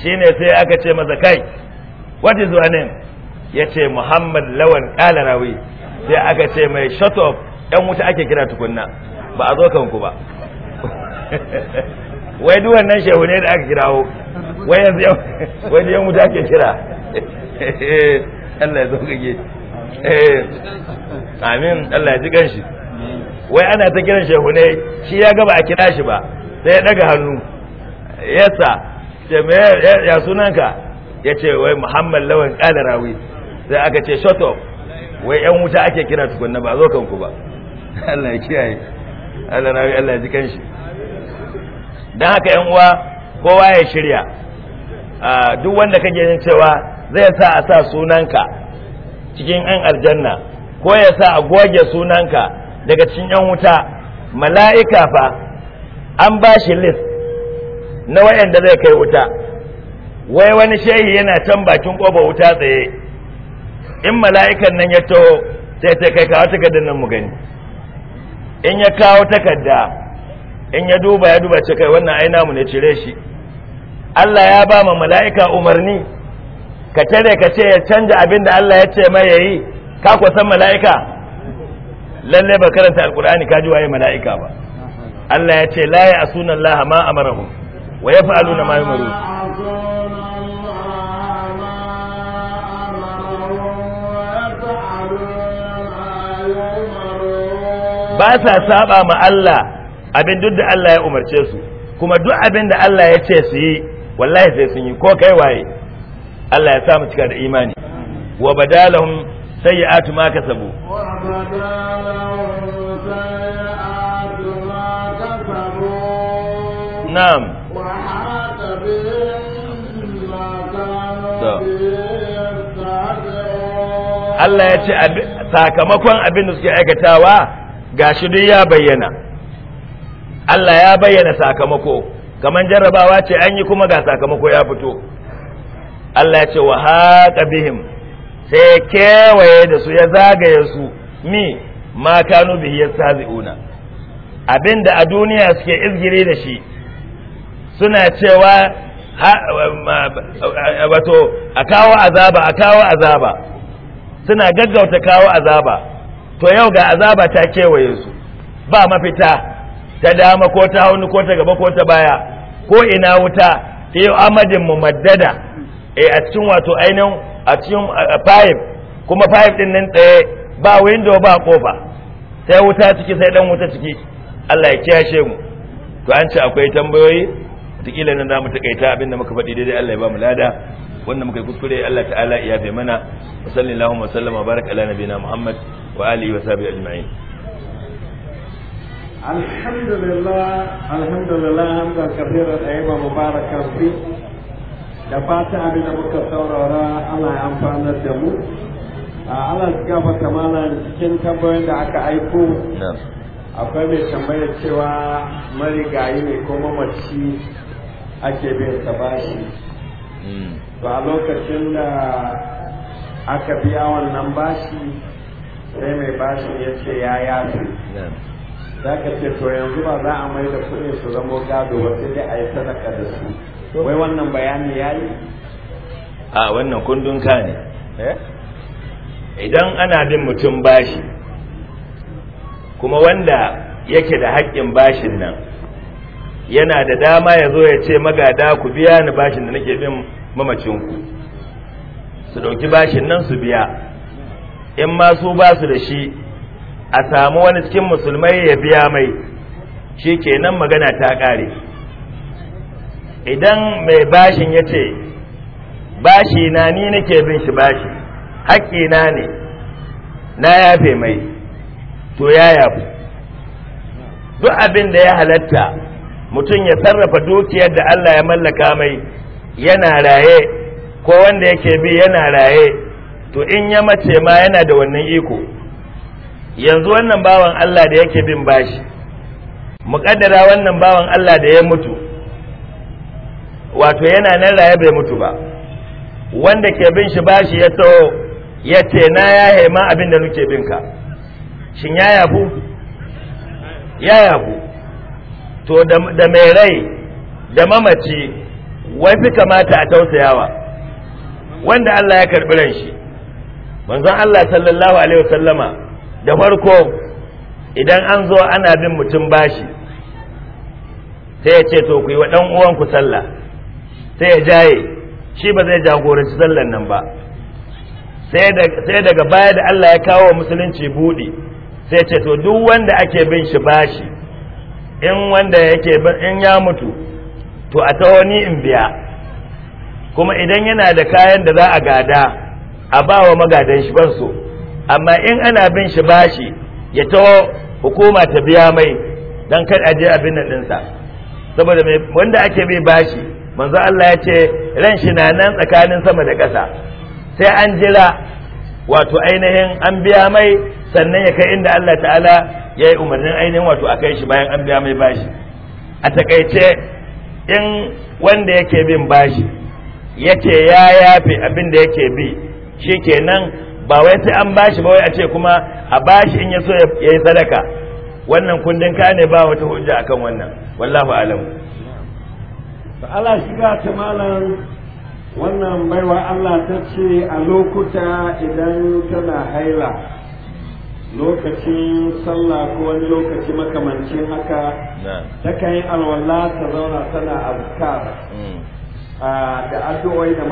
shi ne sai aka ce masa kai what is your name ya ce muhammad lawan kala rawi sai aka ce mai shut up yan wuta ake kira tukunna ba a zo kanku ba wai duk wannan shehu ne da aka kirawo wai yanzu yan wuta ake kira Allah ya zo kage eh amin Allah ya ji ganshi wai ana ta kiran shehu ne shi ya gaba a kira shi ba sai ya daga hannu yasa ya sunanka ya ce wai muhammad lawan kala rawi sai aka ce shut up wai yan wuta ake kira tukunna ba zo kanku ba Allah ya kiyaye Allah rawi Allah ya ji ganshi dan haka yan uwa kowa ya shirya ah, duk wanda kake jin cewa zai sa a sa sunanka cikin yan aljanna ko ya sa a goge sunanka daga cikin yan wuta mala'ika fa an ba shi list na wayanda zai kai wuta wai wani shehi yana can bakin ƙofa wuta tsaye in mala'ikan nan ya taho sai ta kai kawo takardar nan mu gani in ya kawo takarda in ya duba ya duba ce kai wannan aina mu ne cire shi Allah ya ba ma mala'ika umarni ka tare ka ce ya canja abin da Allah ya ce mai yayi ka ku san mala'ika lalle ba karanta alkur'ani ka ji waye mala'ika ba Allah ya ce a sunan laha ma marahu wa na mayu maru ba sa saba ma Allah abin duk da Allah ya umarce su kuma duk abin da Allah ya ce su yi wallahi sai sun yi ko kai waye Allah ya sa mu cika da imani wa badalahum sayyi'atu ma kasabu na'am Allah ya ce sakamakon abin da suke aikatawa gashi duk ya bayyana Allah ya bayyana sakamako kamar jarrabawa ce an yi kuma ga sakamako ya fito Allah ya ce wa haƙa bihim sai ya kewaye da su ya zagaye su mi ma kanu bihi yastazi'una abinda a duniya suke izgiri da shi suna cewa wato a kawo azaba a kawo azaba suna gaggauta kawo azaba to yau ga azaba ta kewaye su ba mafita ta dama ko ta hannu ko ta gaba ko ta baya ko ina wuta ta yi amadin mu maddada eh a cikin wato ainihin a cikin fayif kuma fayif din nan tsaye ba window ba kofa sai wuta ciki sai dan wuta ciki Allah ya kiyashe mu to an ce akwai tambayoyi tikila nan zamu takaita abinda muka faɗi daidai Allah ya ba mu lada wannan muka kuskure Allah ta'ala ya yafe mana wa sallallahu wa sallama baraka ala nabina Muhammad wa alihi wa sahbihi ajma'in alhamdulillah alhamdulillah hamdan kathira ayyiba mubarakan da fata abin da muka saurara Allah ya amfanar da mu Allah su gaba kamala cikin tambayoyin da aka aiko akwai mai tambaya cewa marigayi ne ko mamaci ake bin sa bashi Ba hmm. a lokacin da aka biya wannan bashi sai mai bashi ya ce ya yafi za ka ce to yanzu ba za a mai da kuɗin su zamo gado ba sai dai a yi sadaka da su wai wannan bayani ya yi a wannan kundin ka ne eh? idan ana bin mutum bashi kuma wanda yake da haƙƙin bashin nan yana da dama ya zo ya ce magada ku biya ni bashin da nake bin mamacinku su ɗauki bashin nan su biya in ma su ba su da shi a samu wani cikin musulmai ya biya mai shi kenan magana ta ƙare idan mai bashin ya ce bashi na ni nake bin shi bashi haƙƙi na ne na yafe mai to ya yafu duk abin da ya halatta mutum ya sarrafa dukiyar da Allah ya mallaka mai yana raye ko wanda yake bi yana raye to in ya mace ma yana da wannan iko yanzu wannan bawan Allah da yake bin bashi muƙaddara wannan bawan Allah da ya mutu wato yana nan raye bai mutu ba wanda ke bin shi bashi ya taho ya na ya haima abin da nuke binka shin ya yabu ya yabu to da mai rai da mamaci wai fi kamata a tausayawa wanda Allah ya karɓi ran shi manzon Allah sallallahu alaihi wasallama da farko idan an zo ana bin mutum bashi sai ya ce to ku yi wa ɗan uwanku sallah sai ya jaye shi ba zai jagoranci sallan nan ba sai daga baya da Allah ya kawo musulunci buɗe sai ce to duk wanda ake bin shi bashi in wanda yake in ya mutu to a taho ni in biya kuma idan yana da kayan da za a gada a ba wa magadan shi ban so amma in ana bin shi bashi ya taho hukuma ta biya mai don kar a je abin nan ɗinsa saboda wanda ake bai bashi manzo Allah ya ce ran shi na nan tsakanin sama da ƙasa sai an jira wato ainihin an biya mai sannan ya kai inda Allah ta'ala ya yi umarnin ainihin wato a kai shi bayan an biya mai bashi a takaice in wanda yake bin bashi yake ya yafe abin da yake bi shi kenan ba wai sai an bashi ba wai a ce kuma a bashi in ya so ya yi sadaka wannan kundin ka ne ba wata hujja akan wannan wallahu alam to Allah shiga ta malam wannan baiwa Allah ta ce a lokuta idan tana haila lokacin sallah ko wani lokaci makamancin haka takan yi alwala ta zauna tana azkar mm. da addu'o'i da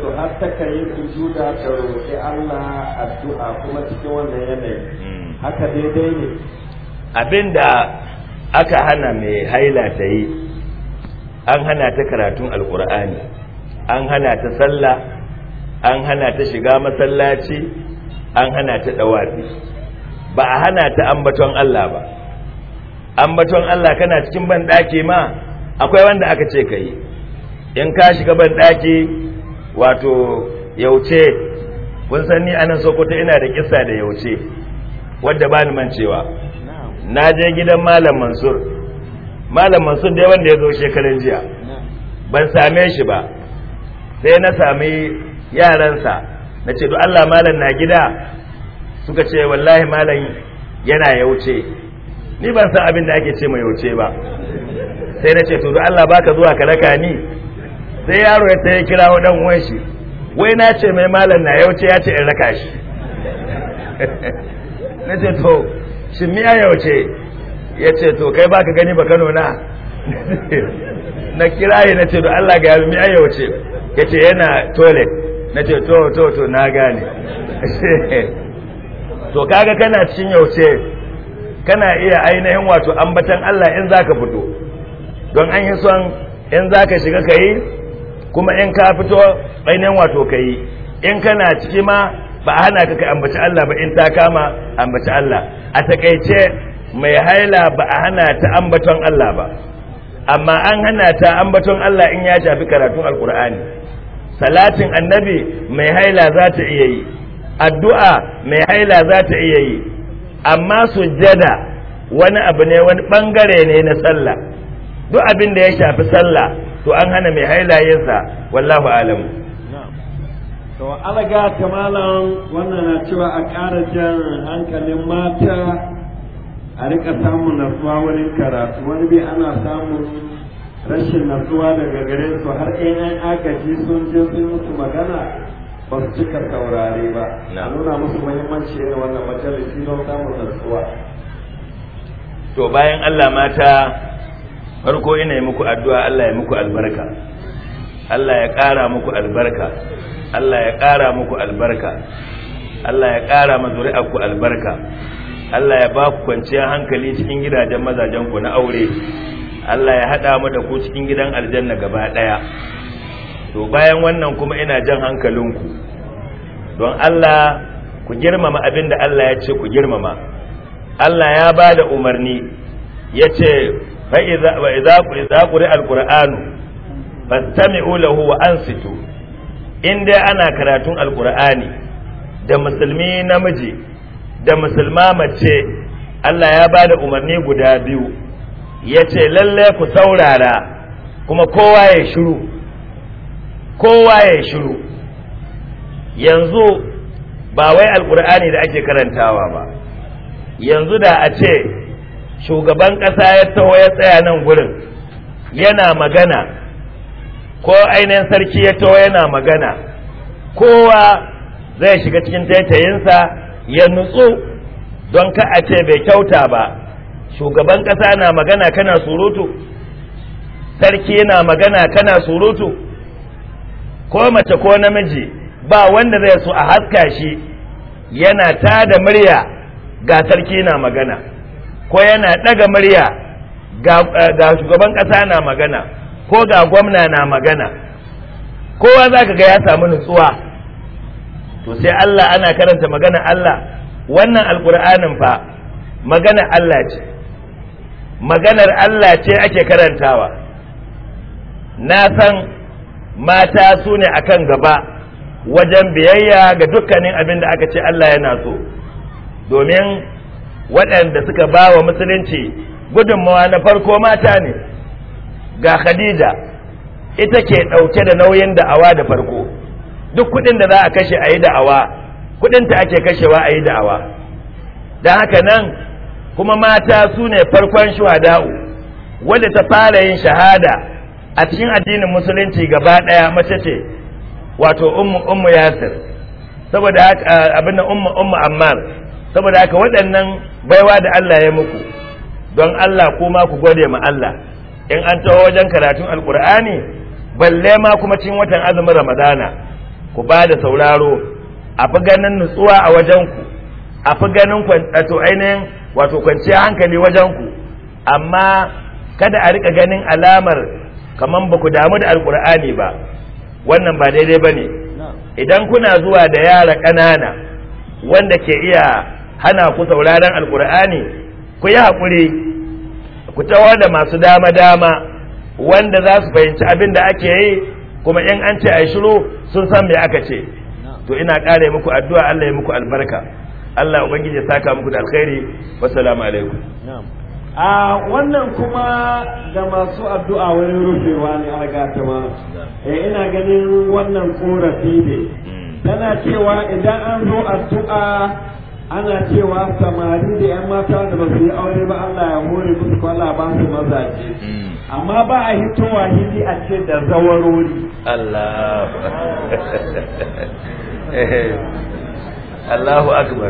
su har ta yi sujuda ta roƙi Allah addu'a kuma cikin wannan yanayi mm. haka daidai ne abinda aka hana mai haila ta yi an hana ta karatun alkur'ani an hana ta sallah an hana ta shiga masallaci an hana ta dawafi ba a hana ta ambaton Allah ba ambaton Allah kana cikin ban ma akwai wanda aka ce kai in ka shiga ban wato yauce kun san ni anan sokoto ina da kissa da yauce wadda ba ni mancewa na je gidan malam mansur malam mansur dai wanda ya zo shekaran jiya ban same shi ba sai na sami yaransa na ce to Allah malam na gida suka ce wallahi malam yana yauce ni ban san abin da ake ce mai yauce ba sai na ce to duk Allah baka zuwa ka raka ni sai yaro ya tayi kira wa dan uwan shi wai na ce mai malam na yauce ya ce in raka shi na ce to shin miya yauce ya ce to kai baka gani ba kano na na kiraye na ce da Allah ga yalmi ayya wace ya ce yana toilet na ce to to to na gane to kaga kana cin yauce kana iya ainihin wato ambatan Allah in zaka fito don an yi son in zaka shiga yi kuma in ka fito ainihin wato yi in kana ciki ma ba hana ka ka ambaci Allah ba in ta kama ambaci Allah a takaice mai haila ba a hana ta ambaton Allah ba amma an hana ta ambaton Allah in ya shafi karatun alkur'ani salatin annabi mai haila za ta iya yi addu'a mai haila za ta iya yi amma sujjada wani abu ne wani bangare ne na sallah duk abin da ya shafi sallah to an hana mai haila yinsa wallahu alamu to alaga kamalan wannan na cewa a ƙara hankalin mata a rika samun natsuwa wani karatu wani bi ana samun rashin natsuwa daga gare su har in an agaji sun je sun musu magana ba su cika saurare ba a nuna musu muhimmanci irin wannan majalisi don samun natsuwa to bayan Allah mata farko ina yi muku addu'a Allah ya muku albarka Allah ya ƙara muku albarka Allah ya ƙara muku albarka Allah ya ƙara mazuri'arku albarka Allah ya baku ku kwanciyar hankali cikin gidajen mazajen ku na aure Allah ya haɗa mu da ku cikin gidan aljanna gaba daya to bayan wannan kuma ina jan hankalinku don Allah ku girmama abin da Allah ya ce ku girmama Allah ya ba da umarni ya ce fa iza quri alqur'anu fastami'u lahu wa ansitu in dai ana karatun alqur'ani da musulmi namiji da musulma mace Allah ya ba da umarni guda biyu ya ce lalle ku saurara kuma kowa ya shiru kowa ya shiru yanzu ba wai alkur'ani da ake karantawa ba yanzu da a ce shugaban ƙasa ya taho ya tsaya nan gurin yana magana ko ainihin sarki ya taho yana magana kowa zai shiga cikin taitayinsa ya nutsu don ka a ce bai kyauta ba shugaban ƙasa na magana kana surutu sarki na magana kana surutu ko mace ko namiji ba wanda zai so a haska shi yana ta da murya ga sarki na magana ko yana ɗaga murya ga eh, shugaban ƙasa na magana ko ga gwamna na magana kowa za ka ga ya samu nutsuwa to sai Allah ana karanta magana Allah wannan alkur'anin fa magana Allah ce maganar Allah ce ake karantawa na san mata su ne akan gaba wajen biyayya ga dukkanin abin da aka ce Allah yana so domin waɗanda suka ba wa musulunci gudunmawa na farko mata ne ga khadija ita ke ɗauke da nauyin da'awa da farko duk kuɗin da za a kashe a yi da'awa kuɗinta ta ake kashewa a yi da'awa don haka nan kuma mata su ne farkon shuhada'u wadda ta fara yin shahada a cikin addinin musulunci gaba ɗaya mace ce wato ummu ummu yasir saboda eh, abin da ummu ummu ammar saboda haka waɗannan baiwa da Allah ya muku don Allah kuma ku gode ma Allah in an taho wajen karatun alkur'ani balle ma kuma cikin watan azumin ramadana ku ba da sauraro a fi ganin nutsuwa a wajenku a fi ganin wato ainihin wato kwanciya hankali wajenku amma kada a rika ganin alamar kamar ba ku damu da alkur'ani ba wannan ba daidai ba ne idan kuna zuwa da yara ƙanana wanda ke iya hana ku sauraron alkur'ani ku yi haƙuri ku tawar da masu dama-dama wanda za su fahimci abin da ake yi kuma in an ce a yi shiru sun san mai aka ce to ina kare muku addu'a Allah ya muku albarka Allah ubangiji ya saka muku da alkhairi wassalamu alaikum a wannan kuma da masu addu'a wani rufewa ne a gatama eh ina ganin wannan korafi ne tana cewa idan an zo addu'a ana cewa samari da yan mata da ba yi aure ba Allah ya hore musu kwallo ba su mazaje hmm. amma ba a hitowa hili a ce da zawarori Allahu Allahu akbar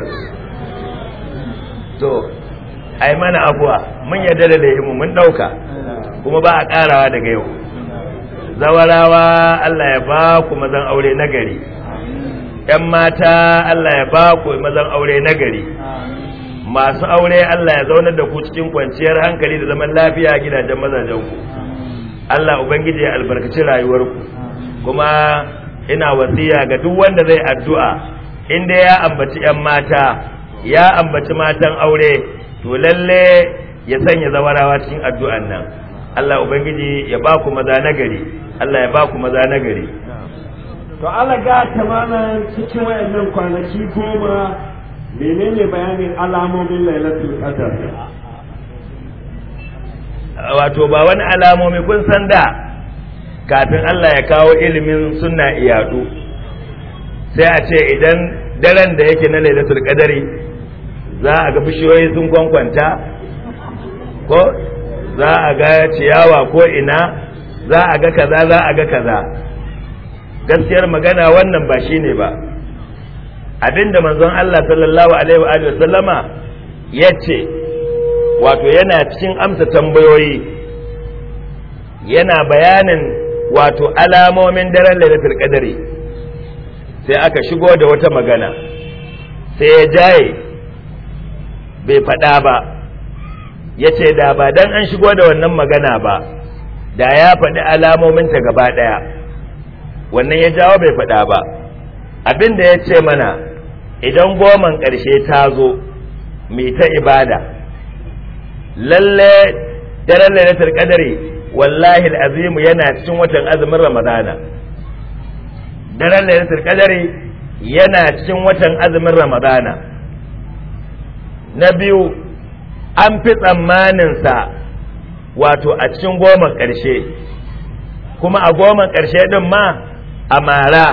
to ai mana abuwa mun yarda da laifinmu mun dauka kuma ba a karawa daga yau zawarawa Allah ya ba ku mazan aure nagari ‘yan mata Allah ya ba ku mazan aure nagari masu aure Allah ya zaunar da ku cikin kwanciyar hankali da zaman lafiya gidajen mazajen ku. Allah Ubangiji ya albarkaci rayuwarku kuma ina wasiya ga duk wanda zai addu'a inda ya ambaci ‘yan mata ya ambaci matan aure to lalle ya sanya zawarawa cikin addu'an nan Allah Ubangiji ya ba ku maza nagari Allah ya ba ku maza nagari to Allah ga tamanan cikin wayannan kwanaki goma menene bayanin alamomin lailatul qadar wato ba wani alamomi kun san da kafin Allah ya kawo ilimin sunna iyadu sai a ce idan daren da yake na lailatul qadari za a ga bishiyoyi sun kwankwanta ko za a ga ciyawa ko ina za a ga kaza za a ga kaza gaskiyar magana wannan ba shine ba abinda manzon Allah sallallahu alaihi wa sallama yace wato yana cikin amsa tambayoyi yana bayanin wato alamomin daren lailatul qadari sai aka shigo da wata magana sai ya jaye bai faɗa ba ya ce da ba dan an shigo da wannan magana ba da ya faɗi ta gaba ɗaya wannan ya jawo bai faɗa ba abin da ya ce mana idan goman ƙarshe ta zo mai ta ibada lalle daren lailatul qadari wallahi Al-azimu yana cikin watan azumin ramadana daren lailatul qadari yana cikin watan azumin ramadana na biyu an fi tsammanin sa wato a cikin goma ƙarshe kuma a goma ƙarshe din ma a mara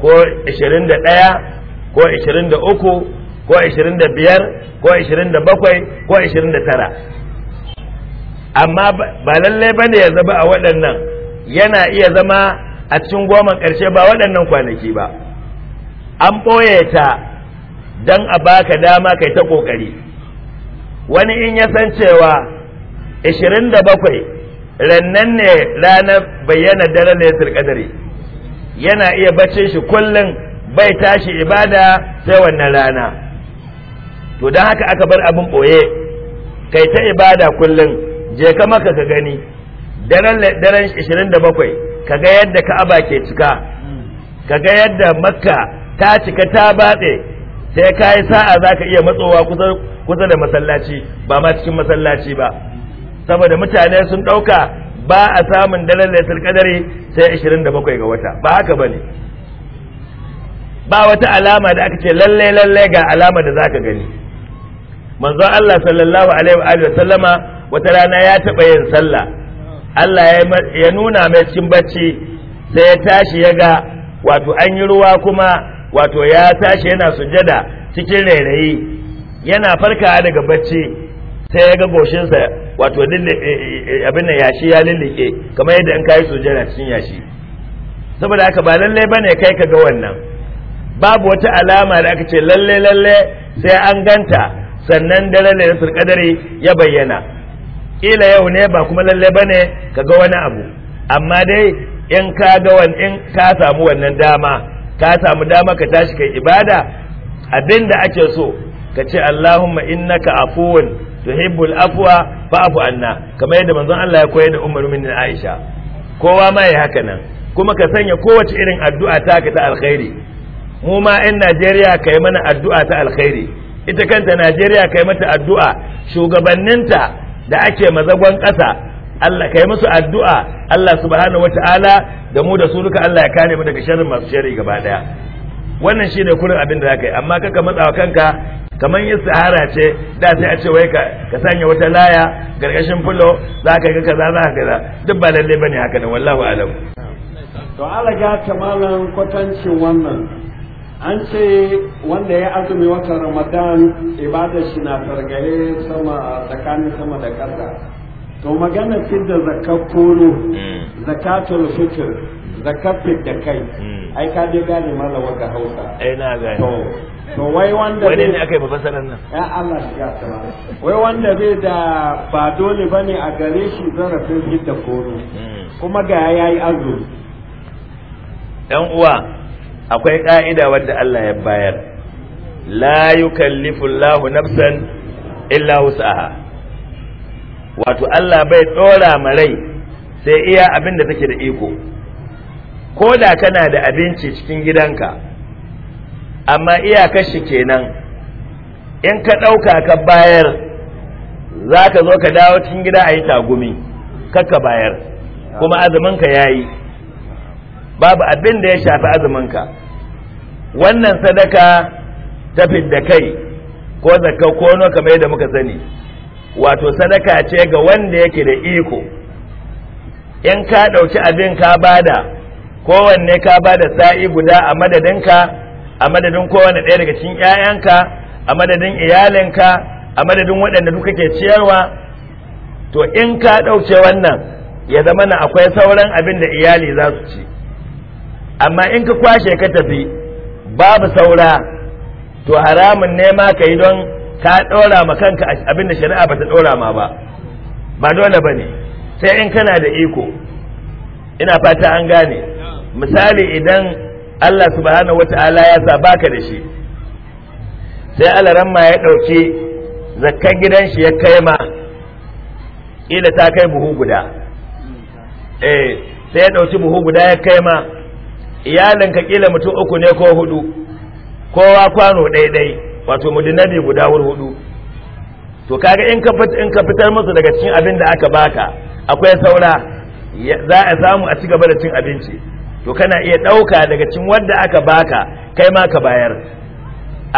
ko 21 ko 23 ko 25 ko 27 ko 29 amma ba lallai ba ne ya zaba a waɗannan yana iya zama a cikin goman ƙarshe ba waɗannan kwanaki ba an ɓoye ta don a baka dama kai ta ƙoƙari wani in ya san cewa 27 rannan ne ranar bayyana dare ne kadari yana iya bace shi kullum bai tashi ibada sai wannan rana to don haka aka bar abin ɓoye kai ta ibada kullum je ka maka ka gani daren daren 27 kaga yadda ka'aba ke cika kaga yadda makka ta cika ta batse sai ka yi sa'a za ka iya matsowa kusa da masallaci ba ma cikin masallaci ba saboda mutane sun ɗauka ba a samun daren laitar kadari sai 27 ga wata ba haka ba ne ba wata alama da aka ce lalle lalle ga alama da za ka gani manzo Allah sallallahu alaihi wa sallama wata rana ya taɓa yin sallah Allah ya nuna mai cin bacci sai ya tashi ya ga wato an yi ruwa kuma wato ya tashi yana sujada cikin rairayi yana farkawa daga bacci sai ya ga goshinsa wato abin da yashi ya lullike kamar yadda in kayi sujada cikin yashi saboda haka ba lallai ne kai ka ga wannan babu wata alama da aka ce lalle lalle sai an ganta sannan dare da ya bayyana kila yau ne ba kuma lalle bane ka ga wani abu amma dai in ka ga in ka samu wannan dama ka samu dama ka tashi kai ibada abinda ake so ka ce Allahumma innaka afuwun tuhibbul afwa fa'fu anna kamar yadda manzon Allah ya koyar da Ummul Mu'minin Aisha kowa ma yayi haka nan kuma ka sanya kowace irin addu'a ta ka ta alkhairi mu ma in Najeriya kai mana addu'a ta alkhairi ita kanta Najeriya kai mata addu'a shugabanninta da ake mazagon ƙasa Allah kai musu addu'a Allah subhanahu wata'ala da mu da su duka Allah ya kare mu daga sharrin masu sharri gaba daya wannan shine kurin abin da zaka yi amma kaka matsawa kanka kamar yin sahara ce da sai a ce wai ka ka sanya wata laya gargashin fulo zaka ga kaza zaka kaza duk ba lalle bane haka ne, wallahu alam to Allah ya kamalan kwatancin wannan an ce wanda ya azumi watan ramadan ibada shi na fargaye sama tsakanin sama da ƙasa to magana ce da zakat kono hmm. zakatul fitr zakat da kai hmm. ai ka je gane malawa wata hausa eh na gane to to wai wanda wai ne akai babban sanan nan ya Allah shi ya tsara wai wanda bai da ba dole bane a gare shi zarafin fit koro. Hmm. kuma ga yayi azumi dan uwa akwai ƙa'ida wadda Allah ya bayar la yukallifu Allahu nafsan illa wusaha wato Allah bai tsora ma rai sai iya abin da take da iko ko da kana da abinci cikin gidanka amma iya shi kenan in ka ɗauka ka bayar za ka zo ka dawo cikin gida a yi tagumi kakka bayar kuma azumin ka yayi babu abin da ya shafi azuminka wannan sadaka ta fidda kai ko zakka ko no kamar yadda muka sani wato sadaka ce ga wanda yake da iko in ka ɗauki abin ka bada kowanne ka bada sa'i guda a madadinka a madadin kowanne ɗaya daga cikin 'ya'yanka a madadin iyalinka a madadin waɗanda duka ke ciyarwa to in ka ɗauke wannan ya zama na akwai sauran abin da iyali za su ci amma in ka kwashe ka tafi babu saura to haramun ne ma ka don ka ɗora ma kanka abinda shari'a ba ta ɗora ma ba ba dole ba ne sai in kana da iko ina fata an gane misali idan Allah subhanahu wata'ala ya sa baka da shi sai alaramma ya ɗauki zakkan gidan shi ya kai ma ila ta kai buhu guda eh sai ya ɗauki buhu guda ya kai ma iyalinka kila mutum uku ne ko hudu kowa kwano ɗaiɗai wato mudinari guda hudu to kaga in ka fitar musu daga cikin abin da aka baka akwai saura za a samu a ci gaba da cin abinci to kana iya ɗauka daga cikin wanda aka baka kai ma ka bayar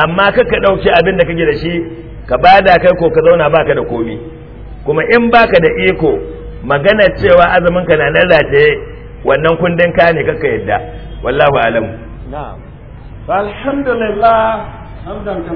amma ka ka ɗauki abin da kake da shi ka bada kai ko ka zauna baka da komi kuma in baka da iko magana cewa azumin ka na nan rataye wannan kundin ka ne kaka yadda wallahu alam na'am alhamdulillah